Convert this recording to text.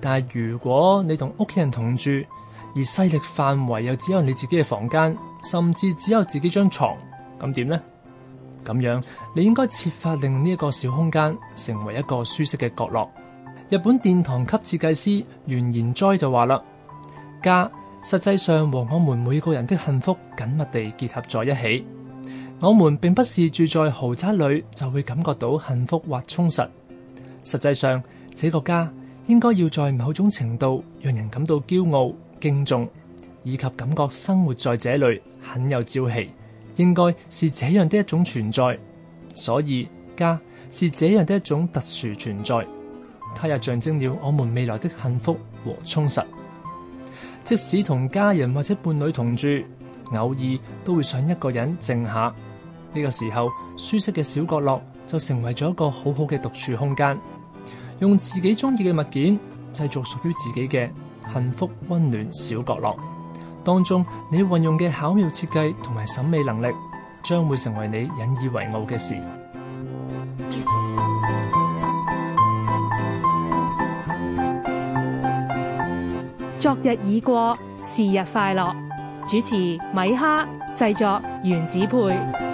但係如果你同屋企人同住，而勢力範圍又只有你自己嘅房間，甚至只有自己張床，咁點呢？咁樣你應該設法令呢個小空間成為一個舒適嘅角落。日本殿堂級設計師原研哉就話啦：家實際上和我們每個人的幸福緊密地結合在一起。我們並不是住在豪宅裏就會感覺到幸福或充實。實際上，這個家。應該要在某種程度讓人感到驕傲、敬重，以及感覺生活在這裡很有朝氣，應該是這樣的一種存在。所以家是這樣的一種特殊存在，它也象徵了我們未來的幸福和充實。即使同家人或者伴侶同住，偶爾都會想一個人靜下，呢個時候舒適嘅小角落就成為咗一個好好嘅獨處空間。用自己中意嘅物件，製造屬於自己嘅幸福溫暖小角落。當中你運用嘅巧妙設計同埋審美能力，將會成為你引以為傲嘅事。昨日已過，是日快樂。主持米哈，製作原子配。